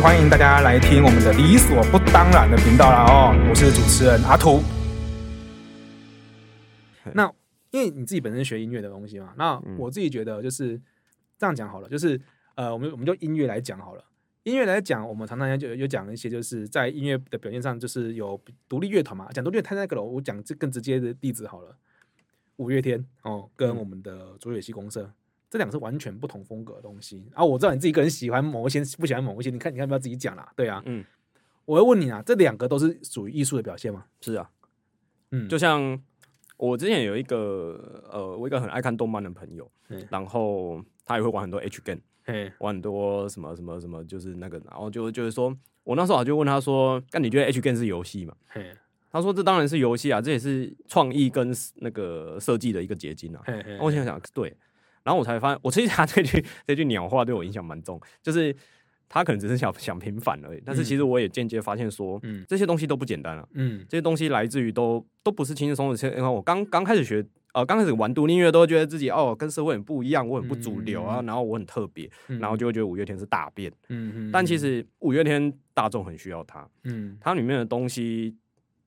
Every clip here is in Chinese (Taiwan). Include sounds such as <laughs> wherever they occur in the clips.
歡迎大家來聽我們的理所不當然的頻道啦！哦，我是主持人阿圖。嘿那因為你自己本身學音樂的東西嘛，那我自己覺得就是、嗯、這樣講好了，就是呃，我們我們就音樂來講好了。音樂來講，我們常常就有講一些，就是在音樂的表現上，就是有獨立樂團嘛。講獨立樂團那個了，我講這更直接的例子好了，五月天哦，跟我們的卓偉西公社。嗯這兩個是完全不同風格的東西，啊，我知道你自己個人喜歡某一些，不喜歡某一些，你看，你看，不要自己講啦。對啊，嗯，我會問你啊，這兩個都是屬於藝術的表現嗎？是啊，嗯，就像我之前有一個呃，我一個很愛看動漫的朋友，嘿然後他也會玩很多 H game，玩很多什麼什麼什麼，就是那個，然後就就是說我那時候就問他說，那你覺得 H game 是遊戲嗎？嘿他說，這當然是遊戲啊，這也是創意跟那個設計的一個結晶啊。嘿嘿嘿，然後我在想，想對。然後我才發現，我其實他這句這句鳥話對我影響蠻重，就是他可能只是想想平反而已。但是其實我也間接發現說，嗯，這些東西都不簡單啊。嗯，這些東西來自於都都不是輕輕鬆鬆。因為我剛剛開始學，哦，剛開始玩獨立音樂，都覺得自己哦，跟社會很不一樣，我很不主流啊，然後我很特別，然後就會覺得五月天是大便，嗯，但其實五月天大眾很需要它，嗯，它裡面的東西。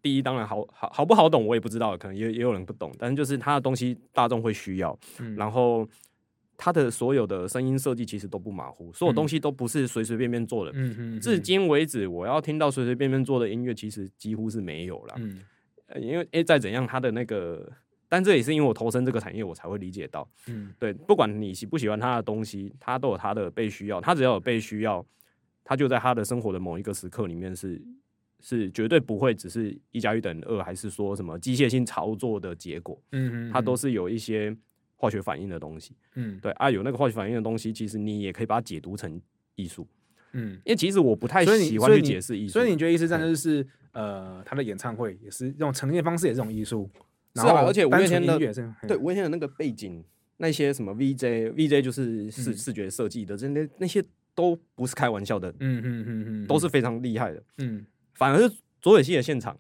第一，當然好好好不好懂，我也不知道，可能也也有人不懂。但是就是他的東西，大眾會需要。嗯、然後他的所有的聲音設計其實都不馬虎，所有東西都不是隨隨便便做的。嗯嗯。至今為止，我要聽到隨隨便便做的音樂，其實幾乎是沒有了。嗯、因為誒，再怎樣，他的那個，但這也是因為我投身這個產業，我才會理解到。嗯、對，不管你喜不喜歡他的東西，他都有他的被需要。他只要有被需要，他就在他的生活的某一個時刻裡面是。是絕對不會只是一加一等於二，還是說什麼機械性操作的結果？它都是有一些化學反應的東西、嗯。嗯、對啊，有那個化學反應的東西，其實你也可以把它解讀成藝術、嗯。因為其實我不太喜歡去解釋藝術，所以你覺得意思真的、就是、嗯、呃，他的演唱會也是這種呈現方式也是這種藝術，是吧、啊？而且五月天的音、嗯、對五月天的那個背景，那些什麼 VJ VJ 就是視、嗯、視覺設計的，真的那些都不是開玩笑的。嗯嗯嗯嗯、都是非常厲害的。嗯反而是佐野戲的現場，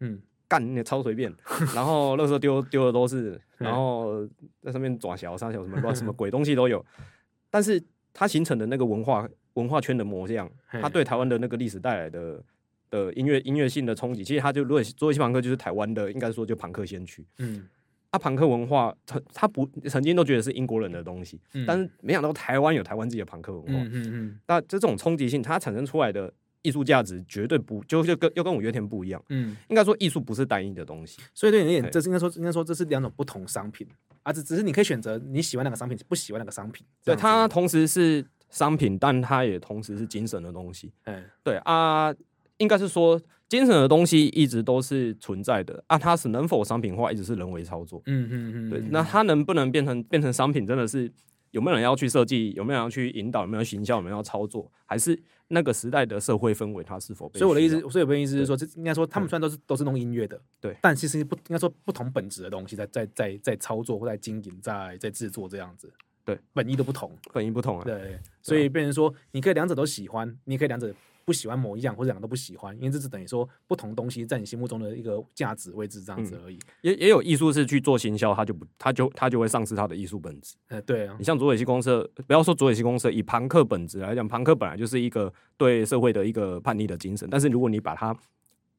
嗯，幹那超隨便，然後那時候丟丟的都是， <laughs> 然後在上面抓小，三小什麼亂什麼鬼東西都有。 <laughs> 但是它形成的那個文化文化圈的模樣，它對台灣的那個歷史帶來的的音樂音樂性的衝擊，其實它就如果左尾戲龐克就是台灣的，應該說就龐克先驅。嗯，啊，龐克文化他不曾經都覺得是英國人的東西，嗯、但是沒想到台灣有台灣自己的龐克文化。嗯嗯，那這這種衝擊性，它產生出來的。藝術價值絕對不就就跟又跟五月天不一樣，嗯，應該說藝術不是單一的東西，所以對你而對這是應該說對應該說這是兩種不同商品，啊，只只是你可以選擇你喜歡哪個商品，不喜歡哪個商品，對，它同時是商品，但它也同時是精神的東西，嗯，對嗯啊，應該是說精神的東西一直都是存在的，啊，它是能否商品化一直是人為操作，嗯嗯嗯，對，那它能不能變成變成商品，真的是有沒有人要去設計，有沒有人要去引導，有沒有行銷，有沒有要操作，嗯、哼哼還是？那個時代的社會氛圍，它是否被？所以我的意思，所以我的意思是說，這對應該說，他們雖然都是對都是弄音樂的，對，但其實不應該說不同本質的東西在，在在在在操作或在經營，在在制作這樣子，對，本意都不同，本意不同啊，對，對，對，所以變成說，你可以兩者都喜歡，你可以兩者。不喜歡某一樣，或者兩個都不喜歡，因為這只是等於說不同東西在你心目中的一個價值位置這樣子而已。嗯、也也有藝術是去做行銷，它就不，它就它就會喪失它的藝術本質、欸。對啊。你像濁水溪公社，不要說濁水溪公社，以龐克本質來講，龐克本來就是一個對社會的一個叛逆的精神，但是如果你把它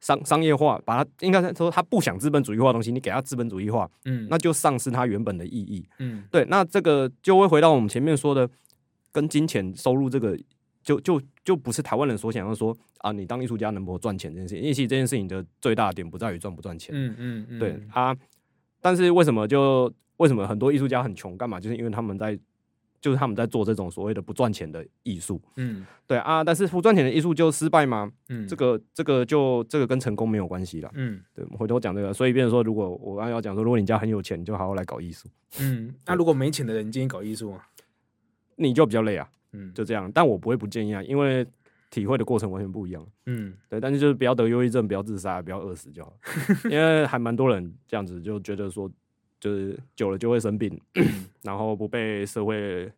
商商業化，把它應該說它不想資本主義化的東西，你給它資本主義化，嗯，那就喪失它原本的意義。嗯，對。那這個就會回到我們前面說的，跟金錢收入這個。就就就不是台灣人所想要說啊，你當藝術家能不能賺錢這件事情？因為其實這件事情的最大的點不在於賺不賺錢，嗯嗯對啊。但是為什麼就為什麼很多藝術家很窮？幹嘛？就是因為他們在就是他們在做這種所謂的不賺錢的藝術，嗯，對啊。但是不賺錢的藝術就失敗嗎？嗯、這個，這個這個就這個跟成功沒有關係了，嗯，對。回頭講這個，所以變成說，如果我剛才要講說，如果你家很有錢，你就好好來搞藝術，嗯。那如果沒錢的人你今天對搞藝術嗎？你就比較累啊。嗯，就這樣，但我不會不建議啊，因為體會的過程完全不一樣。嗯，對，但是就是不要得憂鬱症，不要自殺，不要餓死就好， <laughs> 因為還蠻多人這樣子就覺得說，就是久了就會生病，嗯、然後不被社會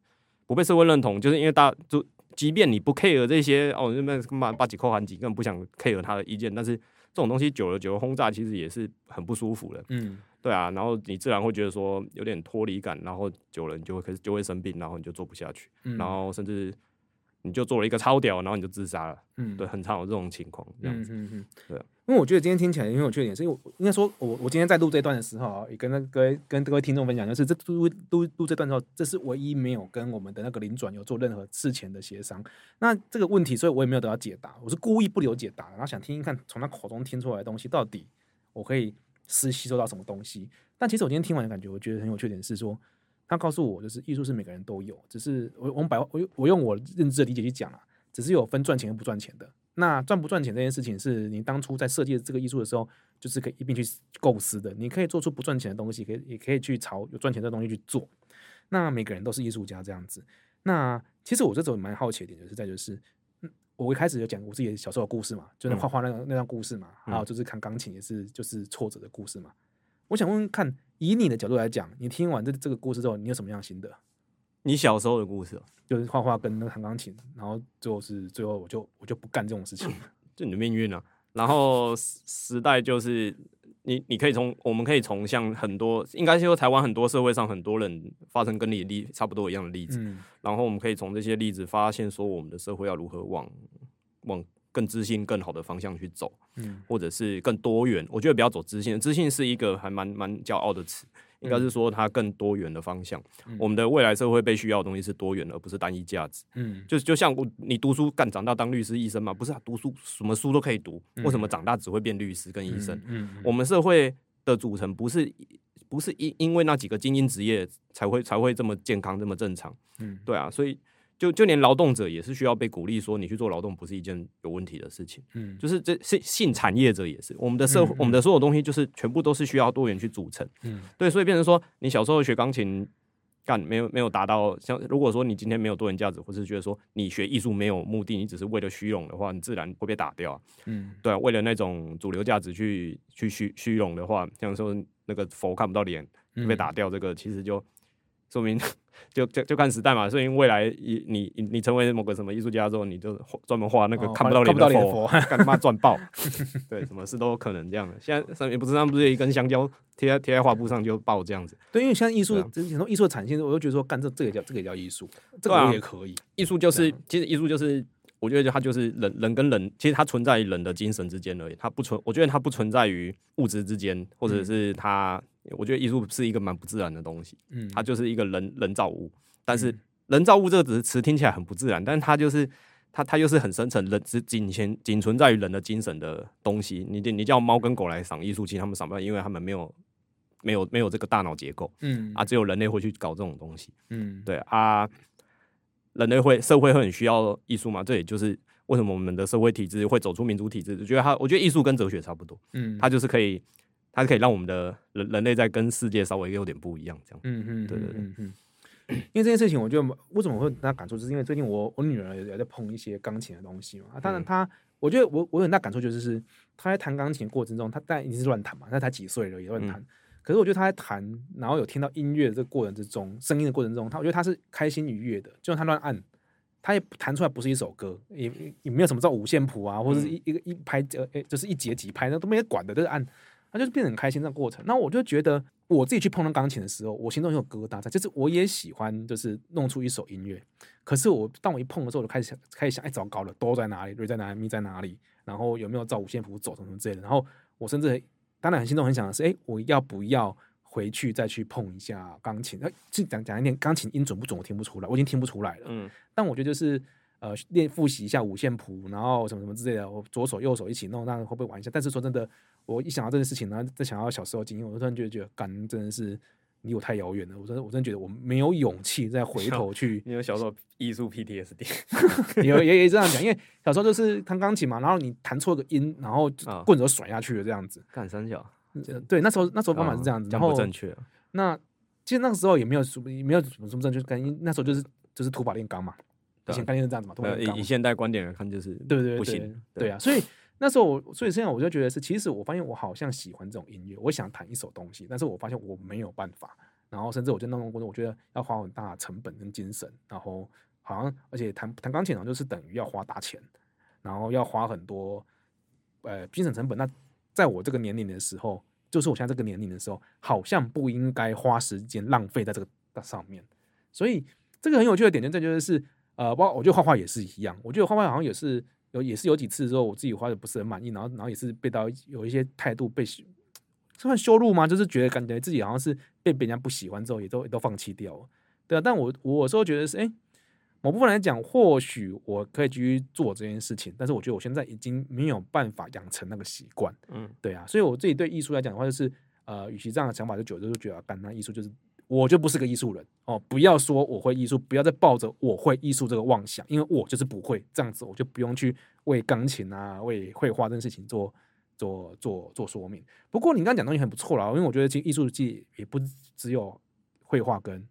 不被社會認同，就是因為大家就，即便你不 care 這些哦，那媽八幾扣汗幾，根本不想 care 他的意見，但是這種東西久了久了轟炸，其實也是很不舒服的。嗯。對啊，然後你自然會覺得說有點脫離感，然後久了你就會開始就會生病，然後你就做不下去，嗯、然後甚至你就做了一個超屌，然後你就自殺了。嗯、對，很常有這種情況。這樣子。嗯嗯嗯，對，因為我覺得今天聽起來很有缺點，是因為我應該說我，我我今天在錄這段的時候，也跟那各位跟各位聽眾分享，就是這錄錄錄這段的時候，這是唯一沒有跟我們的那個臨轉有做任何事前的協商。那這個問題，所以我也沒有得到解答，我是故意不留解答，然後想聽聽看從他口中聽出來的東西到底我可以。是吸收到什麼東西？但其實我今天聽完的感覺，我覺得很有趣的是說，他告訴我就是藝術是每個人都有，只是我我們我我用我認知的理解去講啊，只是有分賺錢和不賺錢的。那賺不賺錢這件事情，是你當初在設計這個藝術的時候，就是可以一併去構思的。你可以做出不賺錢的東西，可以也可以去朝有賺錢的東西去做。那每個人都是藝術家這樣子。那其實我這種蠻好奇的點，就是在就是。我一開始就講我自己小時候的故事嘛，就是畫畫那畫畫那段，嗯、那段故事嘛，還有、嗯、就是彈鋼琴也是就是挫折的故事嘛。我想問問看，以你的角度來講，你聽完這這個故事之後，你有什麼樣的心得？你小時候的故事，啊，就是畫畫跟那個彈鋼琴，然後最後是最後我就我就不幹這種事情， <laughs> 就你的命運啊。然後時代就是。你你可以從，我們可以從像很多，應該說台灣很多社會上很多人發生跟你例差不多一樣的例子，嗯、然後我們可以從這些例子發現說，我們的社會要如何往往更自信、更好的方向去走，嗯、或者是更多元。我覺得不要走自信，自信是一個還蠻蠻驕傲的詞。應該是說，它更多元的方向，我們的未來社會被需要的東西是多元，而不是單一價值。嗯，就是就像我你讀書幹長大當律師、醫生嘛，不是、啊？讀書什麼書都可以讀，為什麼長大只會變律師跟醫生？我們社會的組成不是不是因因為那幾個精英職業才會才會這麼健康這麼正常。對啊，所以。就就連勞動者也是需要被鼓勵，說你去做勞動不是一件有問題的事情。嗯，就是這是性產業者也是，我們的社會，嗯嗯，我們的所有東西就是全部都是需要多元去組成。嗯，對，所以變成說，你小時候學鋼琴幹沒有沒有達到，像如果說你今天沒有多元價值，或是覺得說你學藝術沒有目的，你只是為了虛榮的話，你自然會被打掉啊。嗯，對啊，為了那種主流價值去去虛虛榮的話，像說那個佛看不到臉，嗯，被打掉，這個其實就。說明就就就看時代嘛。所以未來，你你你成為某個什麼藝術家之後，你就專門畫那個、哦、看不到臉的佛，乾媽賺爆。 <laughs> 對，什麼事都有可能這樣的。現在上面不是他不是有一根香蕉貼在貼在畫布上就爆這樣子。對，因為現在藝術，真的你說藝術的產線，我就覺得說，幹，這這個叫這個叫藝術，這個也、這個也、這個、也可以。藝術、啊、就是，啊、其實藝術就是，我覺得它就是人人跟人，其實它存在於人的精神之間而已，它不存，我覺得它不存在於物質之間，或者是它。嗯我覺得藝術是一個蠻不自然的東西，嗯，它就是一個人人造物。但是“人造物”這個詞聽起來很不自然，但是它就是它它就是很深層的，人僅存僅存在於人的精神的東西。你你叫貓跟狗來賞藝術，其實他們賞不了，因為他們沒有沒有沒有這個大腦結構，嗯啊，只有人類會去搞這種東西，嗯，對啊，人類會社會會很需要藝術嘛？這也就是為什麼我們的社會體制會走出民主體制。就覺得它，我覺得藝術跟哲學差不多，嗯，它就是可以。它可以讓我們的人人類在跟世界稍微有點不一樣這樣，嗯嗯，對對對嗯，嗯嗯。 <coughs> 因為這件事情，我覺得為什麼會很大感觸，就是因為最近我我女兒也在碰一些鋼琴的東西嘛。當、啊、然，她、嗯、我覺得我我有很大感觸就是，她在彈鋼琴的過程中，她當然已經是亂彈嘛，那才幾歲了也亂彈。嗯、可是我覺得她在彈，然後有聽到音樂的這個過程之中，聲音的過程中，她我覺得她是開心愉悅的。就算她亂按，她也彈出來不是一首歌，也也沒有什麼叫五線譜啊，或者一一個、嗯、一拍呃，就是一節幾拍，那都沒人管的，都、就是按。那就是變得很開心的、那個過程。那我就覺得我自己去碰到鋼琴的時候，我心中有疙瘩在。就是我也喜歡，就是弄出一首音樂。可是我當我一碰的時候，我就開始想開始想：哎、欸，糟糕了都在哪裡？瑞在哪裡？咪在哪裡？然後有沒有照五線譜走什麼，什麼之類的？然後我甚至當然很心中很想的是：哎、欸，我要不要回去再去碰一下鋼琴？那就講講一點鋼琴音準不準，我聽不出來，我已經聽不出來了。嗯，但我覺得就是呃，練複習一下五線譜，然後什麼什麼之類的，我左手右手一起弄，那會不會玩一下？但是說真的。我一想到這件事情呢、啊，再想到小時候的經驗，我突然就覺得，感真的是離我太遙遠了。我真的，我真的覺得我沒有勇氣再回頭去。因為小時候藝術 PTSD，也也也這樣講，因為小時候就是彈鋼琴嘛，然後你彈錯個音，然後棍子都甩下去了這樣子。哦、幹三小，對，那時候那時候方法是這樣子，嗯、然後不正確、啊。那其實那個時候也沒有什沒有什麼什麼正確，因為那時候就是就是土法煉鋼嘛，以前鋼琴是這樣子嘛。鋼鋼嘛，以現代觀點來看，就是對對不行，對啊，所以。那時候我，所以現在我就覺得是，其實我發現我好像喜歡這種音樂，我想彈一首東西，但是我發現我沒有辦法，然後甚至我就弄那種我覺得要花很大成本跟精神，然後好像而且彈彈鋼琴好像就是等於要花大錢，然後要花很多呃精神成本。那在我這個年齡的時候，就是我現在這個年齡的時候，好像不應該花時間浪費在這個上面。所以這個很有趣的點就在就是是呃，包括我覺得畫畫也是一樣，我覺得畫畫好像也是。有也是有幾次之後，我自己畫的不是很滿意，然後然後也是被到有一些態度被，算羞辱嗎？就是覺得感覺自己好像是被別人家不喜歡之後也，也都都放棄掉了，對啊。但我我有時候覺得是，誒、欸，某部分來講，或許我可以繼續做這件事情，但是我覺得我現在已經沒有辦法養成那個習慣，嗯，對啊。所以我自己對藝術來講的話，就是呃，與其這樣的想法，就久就就覺得，幹那藝術就是。我就不是個藝術人哦！不要說我會藝術，不要再抱着我會藝術這個妄想，因為我就是不會這樣子，我就不用去為鋼琴啊、為繪畫這件事情做做做做說明。不過你剛才講東西很不錯啦，因為我覺得其實藝術界也不只有繪畫跟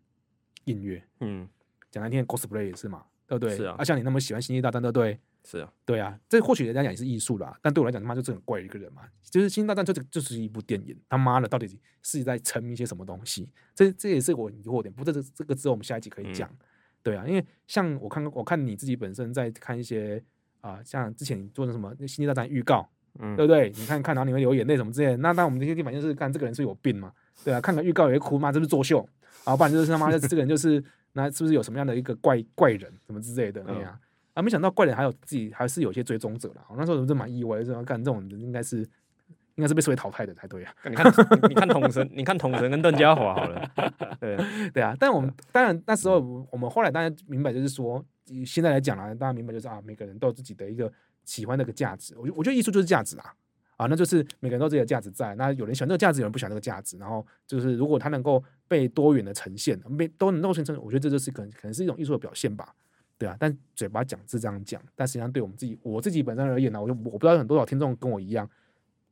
音樂，嗯，講難聽，cosplay 也是嘛，對不對？是啊，啊像你那麼喜歡星際大戰，對不對？是啊對啊，這或許人家講也是藝術啦，但對我來講他媽就是很怪一個人嘛。就是《星際大戰》就就是，就是一部電影，他媽的到底是在沉迷一些什麼東西？這這也是我疑惑點。不過，這個，這這個之後我們下一集可以講。嗯、對啊，因為像我看我看你自己本身在看一些啊、呃，像之前做的什麼《星際大戰》預告，嗯，對不對？你看看然後你會流眼淚什麼之類的。那那我們這些地方就是看這個人是有病嘛？對啊，看個預告也會哭嘛？這是作秀？啊，不然就是他媽的這這個人就是 <laughs> 那是不是有什麼樣的一個怪怪人什麼之類的那樣？呃啊！沒想到怪人還有自己，還是有些追蹤者了。那時候我們真蠻意外的，說幹這種人應該是應該是被社會淘汰的才對啊！你看， <laughs> 你看統神， <laughs> 你看統神跟鄧嘉華好了 <laughs> 對，對啊。但我們 <laughs> 當然那時候我們後來大家明白，就是說現在來講了，大家明白就是啊，每個人都有自己的一個喜歡的一個價值我。我覺得藝術就是價值啊，啊，那就是每個人都有自己的價值在。那有人喜歡那個價值，有人不喜歡那個價值。然後就是如果他能夠被多元的呈現，都能形成，我覺得這就是可能可能是一種藝術的表現吧。對啊，但嘴巴講是這樣講，但實際上對我們自己，我自己本身而言呢，我就，我不知道有多少聽眾跟我一樣，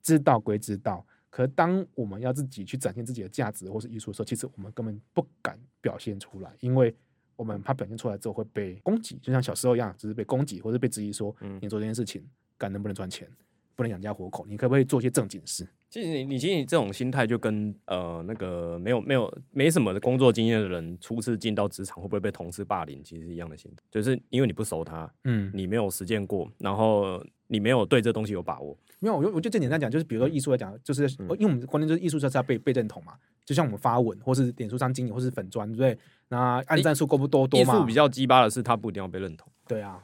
知道歸知道，可是當我們要自己去展現自己的價值或是藝術的時候，其實我們根本不敢表現出來，因為我們怕表現出來之後會被攻擊，就像小時候一樣，只、就是被攻擊，或是被質疑說，嗯，你做這件事情敢能不能賺錢？不能養家活口，你可不可以做一些正經的事？其實你，你其實這種心態就跟呃那個沒有沒有沒什麼的工作經驗的人，初次進到職場會不會被同事霸凌，其實是一樣的心態，就是因為你不熟他，嗯，你沒有實踐過，然後你沒有對這東西有把握。沒有，我就我就正經在講，就是比如說藝術來講，就是因為我們關鍵就是藝術就是要被被認同嘛，就像我們發文或是臉書上經營或是粉專對,對，那按讚數夠不夠多嘛？藝術比較雞巴的是，他不一定要被認同。對啊。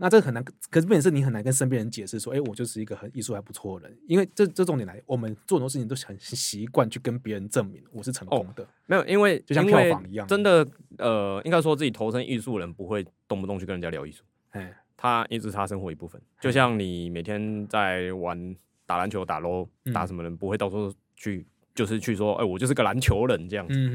那這很難，可是不也是你很難跟身邊人解釋說，哎、欸，我就是一個很藝術還不錯的人，因為這，這重點來，我們做很多事情都很習慣去跟別人證明我是成功的。哦、沒有，因為就像票房一樣，真的，呃，應該說自己投身藝術的人不會動不動去跟人家聊藝術，哎，嘿，他一直是他生活一部分，就像你每天在玩打籃球、打咯，打什麼人，嗯、不會到處去。就是去說，哎、欸，我就是個籃球人這樣子，嗯、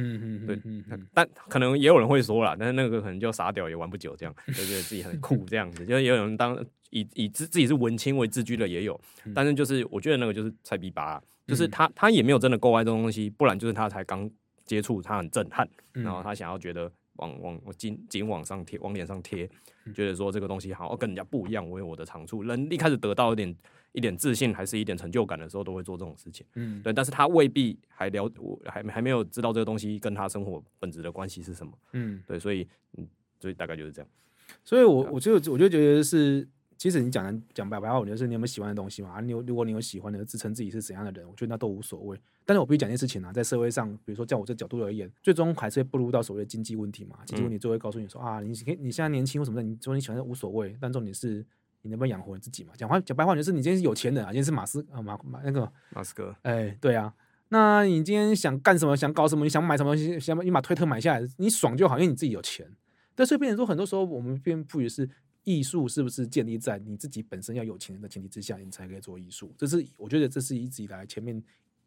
哼哼哼，對。但可能也有人會說了，但是那個可能就傻屌也玩不久，這樣就覺得自己很酷這樣子。 <laughs> 就也有人當以以自自己是文青為自居的也有，但是就是我覺得那個就是菜逼吧，嗯、就是他他也沒有真的夠愛這種東西，不然就是他才剛接觸，他很震撼，然後他想要覺得往往我緊緊往上貼，往臉上貼，覺得說這個東西好像、哦，跟人家不一樣，我有我的長處，人一開始得到一點。一點自信還是一點成就感的時候，都會做這種事情。嗯，對，但是他未必還了，我還還沒有知道這個東西跟他生活本質的關係是什麼？嗯，對，所以，所以大概就是這樣。所以我、啊、我就我就覺得是，其實你講的講白白話，我覺得是你有沒有喜歡的東西嘛？啊，你有，如果你有喜歡的，自稱自己是怎樣的人，我覺得那都無所謂。但是我必須講一件事情啊，在社會上，比如說在我這角度而言，最終還是會步入到所謂的經濟問題嘛。經濟問題就會告訴你說、嗯、啊，你你你現在年輕或什麼的，你說你喜歡的無所謂，但重點是。你能不能養活你自己嘛？講話講白話就是，你今天是有錢的啊，你今天是馬斯啊馬馬那個馬斯克。哎、欸，對啊，那你今天想幹什麼？想搞什麼？你想買什麼東西？想你把推特買下來，你爽就好，因為你自己有錢。但是，變成說，很多時候，我們並不是藝術，是不是建立在你自己本身要有錢人的前提之下，你才可以做藝術？這是我覺得這是一直以來前面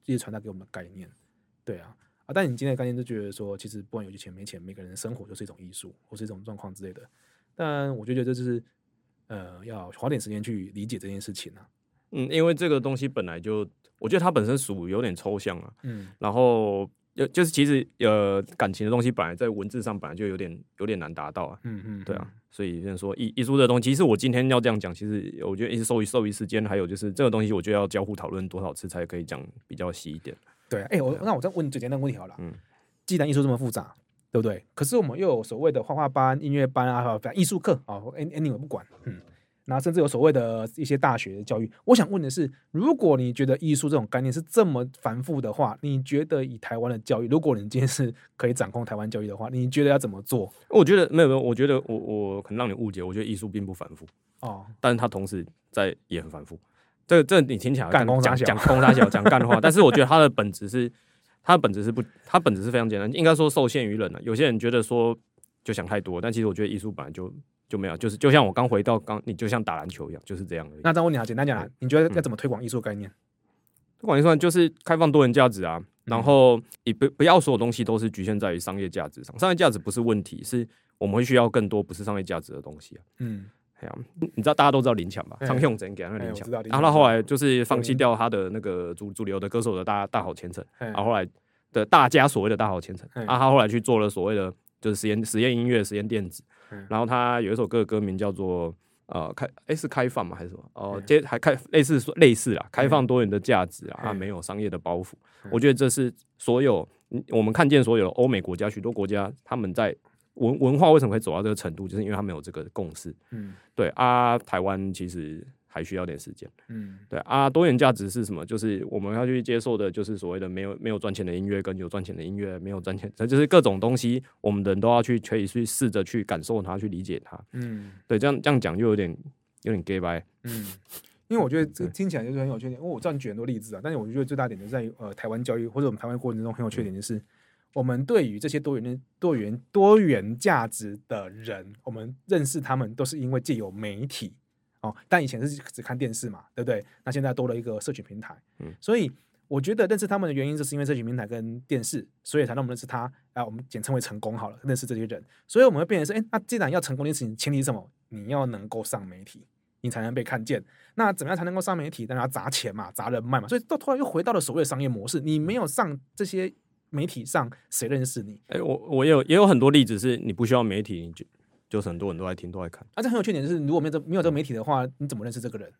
這些傳達給我們的概念。對啊，啊，但你今天的概念就覺得說，其實不管有錢沒錢，每個人的生活就是一種藝術，或是一種狀況之類的。但我就覺得這、就是。呃，要花點時間去理解這件事情啊。嗯，因為這個東西本來就，我覺得它本身屬於有點抽象啊。嗯，然後就是其實呃，感情的東西本來在文字上本來就有點有點難達到啊。嗯嗯，對啊，所以就是說藝藝術這東西，其實我今天要這樣講，其實我覺得一直受益受益時間。還有就是這個東西，我就要交互討論多少次才可以講比較細一點。對、啊，哎、欸，我、嗯、那我再問最簡單問題好了。嗯，既然藝術這麼複雜。對不對？可是我們又有所謂的畫畫班、音樂班啊，反正藝術課啊，any any 我不管，嗯，那甚至有所謂的一些大學的教育。我想問的是，如果你覺得藝術這種概念是這麼繁複的話，你覺得以台灣的教育，如果你今天是可以掌控台灣教育的話，你覺得要怎麼做？我覺得沒有沒有，我覺得我我可能讓你誤解，我覺得藝術並不繁複哦，但是它同時在也很繁複。這這你聽起來講講講講談小講幹話，但是我覺得它的本質是。它的本質是不，它本質是非常簡單，應該說受限於人了。有些人覺得說就想太多，但其實我覺得藝術本來就就沒有，就是就像我剛回到剛，你就像打籃球一樣，就是這樣而已。那再問你啊，簡單講，你覺得該怎麼推廣藝術概念？嗯，推廣藝術就是開放多元價值啊，然後也不不要所有東西都是局限在於商業價值上，商業價值不是問題，是我們會需要更多不是商業價值的東西啊。嗯。這樣，你知道大家都知道林強吧？張學友曾給他那林強，然後、欸啊、後來就是放棄掉他的那個主主流的歌手的大大好前程，然、欸啊、後來的大家所謂的大好前程，欸、啊，他後來去做了所謂的就是實驗實驗音樂、實驗電子，欸、然後他有一首歌，歌名叫做呃開哎、欸、是開放嗎還是什麼？哦、呃，欸、接還開類似類似啊開放多元的價值、欸、啊，沒有商業的包袱，欸、我覺得這是所有我們看見所有歐美國家許多國家他們在。文文化為什麼會走到這個程度？就是因為他沒有這個共識。嗯，對啊，台灣其實還需要點時間。嗯，對啊，多元價值是什麼？就是我們要去接受的，就是所謂的沒有沒有賺錢的音樂跟有賺錢的音樂，沒有賺錢，就是各種東西，我們的人都要去可以去試着去感受它，去理解它。嗯，對，這樣這樣講就有點有點假掰。嗯，因為我覺得這個聽起來就是很有缺點，因為對我知道你舉很多例子啊，但是我覺得最大點就是在呃台灣教育或者我們台灣過程中很有缺點就是。我們對於這些多元的多元多元價值的人，我們認識他們都是因為藉由媒體哦，但以前是只看電視嘛，對不對？那現在多了一個社群平台，嗯，所以我覺得認識他們的原因，就是因為社群平台跟電視，所以才能我們認識他。哎、呃，我們簡稱為成功好了，認識這些人，所以我們會變成是，誒、欸，那既然要成功的事情，前提是什麼？你要能夠上媒體，你才能被看見。那怎麼樣才能夠上媒體？當然要砸錢嘛，砸人脈嘛，所以到突然又回到了所謂的商業模式，你沒有上這些。媒體上誰認識你？哎、欸，我我也有也有很多例子，是你不需要媒體，你就就是很多人都在聽，都在看。啊，這很有趣的就是，如果沒有這沒有這個媒體的話，嗯、你怎麼認識這個人？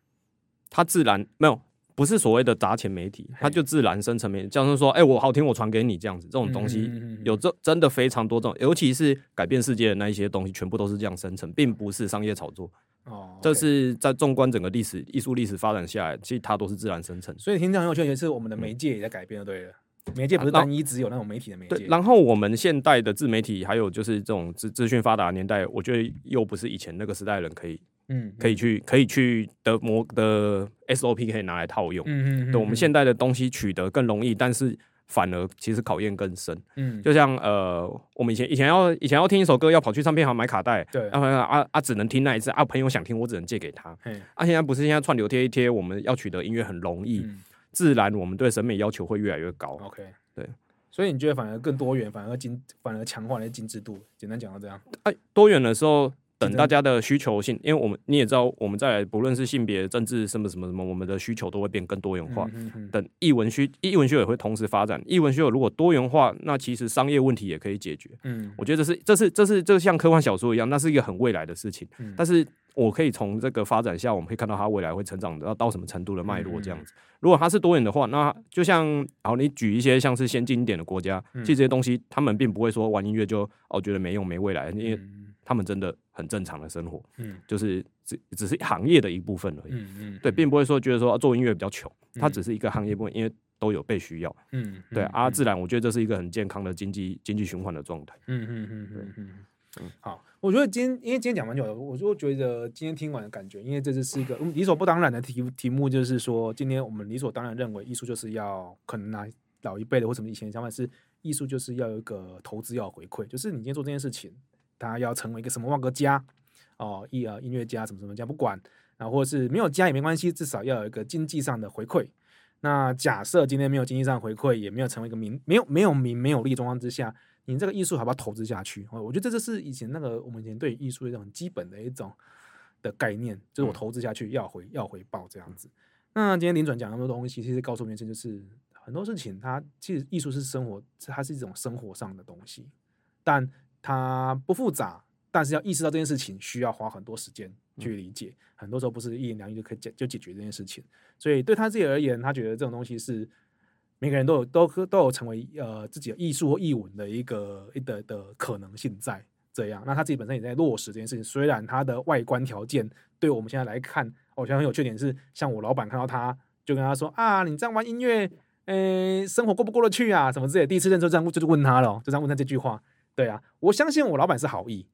他自然沒有，不是所謂的砸錢媒體，嘿他就自然生成媒。這樣子說，哎、欸，我好聽，我傳給你這樣子，這種東西有這真的非常多這種，嗯嗯嗯嗯尤其是改變世界的那一些東西，全部都是這樣生成，並不是商業炒作。哦，okay、這是在縱觀整個歷史藝術歷史發展下來，其實它都是自然生成。所以，聽這樣很有趣的是，我們的媒介也在改變，就對了。媒介不是單一，只有那種媒體的媒介、啊。然後我們現代的自媒體，還有就是這種資資訊發達的年代，我覺得又不是以前那個時代的人可以，嗯，嗯可以，可以去可以去的模的 SOP 可以拿來套用。嗯。嗯對，嗯、我們現代的東西取得更容易，但是反而其實考驗更深。嗯，就像呃，我們以前以前要以前要聽一首歌，要跑去唱片行買卡帶，對，然後啊啊，只能聽那一次。啊，朋友想聽，我只能借給他。嘿，啊，現在不是現在串流貼一貼，我們要取得音樂很容易。嗯自然，我們對審美要求會越來越高。OK，對，所以你覺得反而更多元，反而精，反而強化了精緻度。簡單講到這樣，哎，多元的時候，等大家的需求性，因為我們你也知道，我們在來，不論是性別、政治、什麼什麼什麼，我們的需求都會變更多元化。嗯、哼哼等藝文需藝文學也會同時發展，藝文學如果多元化，那其實商業問題也可以解決。嗯，我覺得這是，這是，這是，這是像科幻小說一樣，那是一個很未來的事情，嗯、但是。我可以從這個發展下，我們可以看到它未來會成長的要到什麼程度的脈絡這樣子。如果它是多元的話，那就像好，你舉一些像是先進一點的國家，其實這些東西他們並不會說玩音樂就哦覺得沒用沒未來，因為他們真的很正常的生活，就是只只是行業的一部分而已，對，並不會說覺得說做音樂比較窮，它只是一個行業部分，因為都有被需要，嗯，對，啊，自然我覺得這是一個很健康的經濟經濟循環的狀態，嗯嗯嗯嗯嗯，好。我覺得今天，因為今天講蠻久了，我就覺得今天聽完的感覺，因為這就是一個理所不當然的題題目，就是說今天我們理所當然認為藝術就是要可能拿，啊，老一輩的或什麼以前的想法是藝術就是要有一個投資，要有回饋，就是你今天做這件事情，它要成為一個什麼萬個家哦，藝呃音樂家什麼什麼家不管，然，啊，後或者是沒有家也沒關係，至少要有一個經濟上的回饋。那假設今天沒有經濟上回饋，也沒有成為一個名，沒有沒有名沒有利狀況之下。你這個藝術好不好投資下去？我覺得這就是以前那個我們以前對藝術一種很基本的一種的概念，就是我投資下去要回、嗯、要回報這樣子。那今天林總講那麼多東西，其實告訴我們一些就是很多事情它，它其實藝術是生活，它是一種生活上的東西，但它不複雜，但是要意識到這件事情需要花很多時間去理解，嗯、很多時候不是一言兩語就可以解就解決這件事情。所以對他自己而言，他覺得這種東西是。每個人都有都都有成為呃自己的藝術或藝文的一個一的的可能性在這樣，那他自己本身也在落實這件事情。雖然他的外觀條件對我們現在來看，我覺得很有缺點是，像我老板看到他，就跟他說啊，你這樣玩音樂、欸，生活過不過得去啊，什麼之類。第一次認識這樣，就是問他了，就這樣問他這句話。對啊，我相信我老板是好意。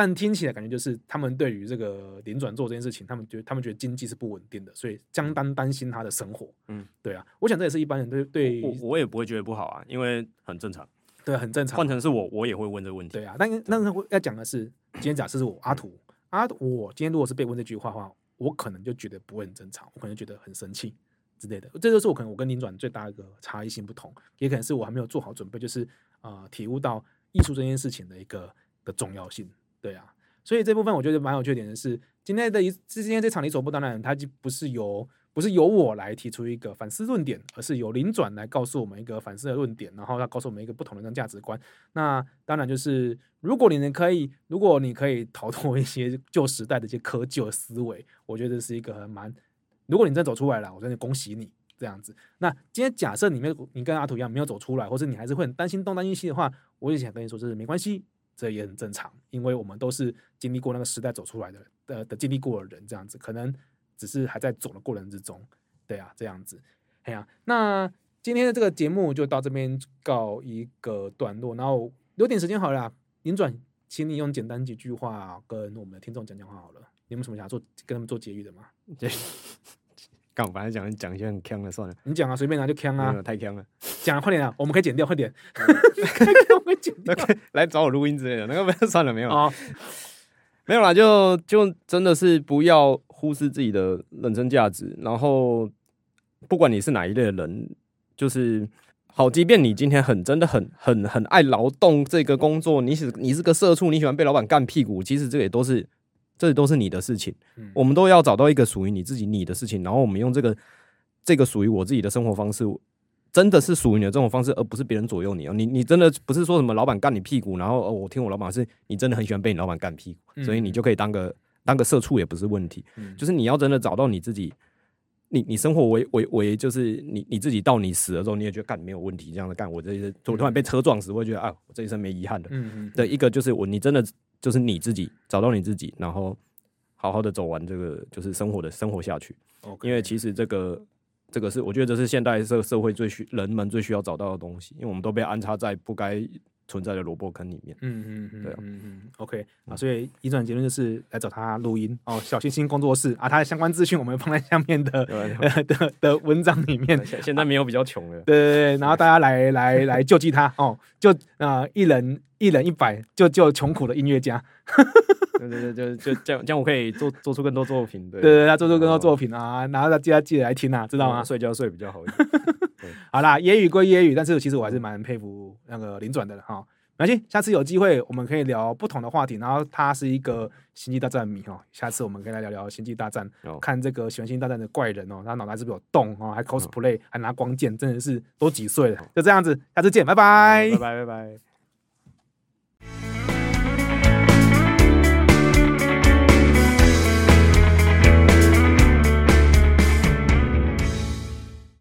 但聽起來感覺就是他們對於這個林轉做這件事情，他們覺得他們覺得經濟是不穩定的，所以相當擔心他的生活。嗯，對啊，我想這也是一般人對對。我我也不會覺得不好啊，因為很正常。對、啊，很正常。換成是我，啊、我也會問這個問題。對啊，但那那對我要講的是，今天假設是我阿土，阿、 <coughs> 啊、我今天如果是被問這句話的話，我可能就覺得不會很正常，我可能覺得很生氣之類的。這就是我可能我跟林轉最大的一個差異性不同，也可能是我還沒有做好準備，就是啊、呃、體悟到藝術這件事情的一個的重要性。對啊，所以這部分我覺得蠻有趣一點的是，今天的一今天這場理所不當然，它就不是由不是由我來提出一個反思論點，而是由林轉來告訴我們一個反思的論點，然後他告訴我們一個不同的價值觀。那當然就是，如果你能可以，如果你可以逃脫一些舊時代的一些窠臼的思維，我覺得是一個蠻，如果你真的走出來了，我真的恭喜你這樣子。那今天假設你沒有你跟阿土一樣沒有走出來，或者你還是會很擔心東擔心西的話，我也想跟你說，這是沒關係。這也很正常，因為我們都是經歷過那個時代走出來的的、呃、的經歷過的人，這樣子可能只是還在走的過程之中，對啊，這樣子。哎呀、啊，那今天的這個節目就到這邊告一個段落，然後留點時間好了啦。您轉，請你用簡單幾句話、啊、跟我們的聽眾講講話好了，你們有，有什麼想要做跟他們做結語的嗎？ <laughs> 剛反講講一些很腔的，算了，你講啊，隨便啊，就腔啊，太腔了，講了、 <laughs> 啊、快點啊，我們可以剪掉，快點， <laughs> 太腔了，可以剪掉。 <laughs> 可以來找我錄音之類的，那個算了，沒有啊，哦、沒有啦，就就真的是不要忽視自己的人生價值。然後，不管你是哪一類的人，就是好，即便你今天很真的很很很愛勞動這個工作，你是你是個社畜，你喜歡被老板幹屁股，其實這個也都是。這都是你的事情，我們都要找到一個屬於你自己、你的事情。然後我們用這個，這個屬於我自己的生活方式，真的是屬於你的這種方式，而不是別人左右你哦，你你真的不是說什麼老板幹你屁股，然後我聽我老板是，你真的很喜歡被你老板幹屁股，所以你就可以當個當個社畜也不是問題。就是你要真的找到你自己，你你生活為為為就是你你自己到你死的時候，你也覺得幹沒有問題，這樣的幹，我這我突然被車撞死，我會覺得啊，我這一生沒遺憾的。嗯嗯，對，一個就是我你真的。就是你自己找到你自己，然後好好的走完這個就是生活的生活下去。Okay. 因為其實這個這個是我覺得這是現代社社會最需人們最需要找到的東西，因為我們都被安插在不該。存在的蘿蔔坑裡面，嗯嗯，嗯嗯嗯，對、啊，okay, 嗯嗯，OK 啊，所以一轉結論就是來找他錄音哦，小星星工作室啊，他的相關資訊我們放在下面的、 <laughs> 呃、的的文章裡面。 <laughs> 現在沒有比較窮的、啊，對對對，然後大家來來來救濟他 <laughs> 哦，就啊、呃、一人一人一百，就救窮苦的音樂家， <laughs> 對對對，就就這樣這樣，我可以做做出更多作品，對對對，對、啊，他做出更多作品啊，啊，然後大家記得來聽啊，知道嗎？睡覺、嗯、睡比較好。一點。 <laughs> 好啦，言語歸言語，但是其實我還是蠻佩服那個林轉的哈。沒關係，下次有機會我們可以聊不同的話題。然後他是一個星際大戰迷哈，下次我們可以來聊聊星際大戰，哦、看這個喜歡星際大戰的怪人哦，他腦袋是不是有洞啊？還 cosplay，、嗯、還拿光劍，真的是都幾歲了？就這樣子，下次見，拜拜，拜拜拜。拜拜。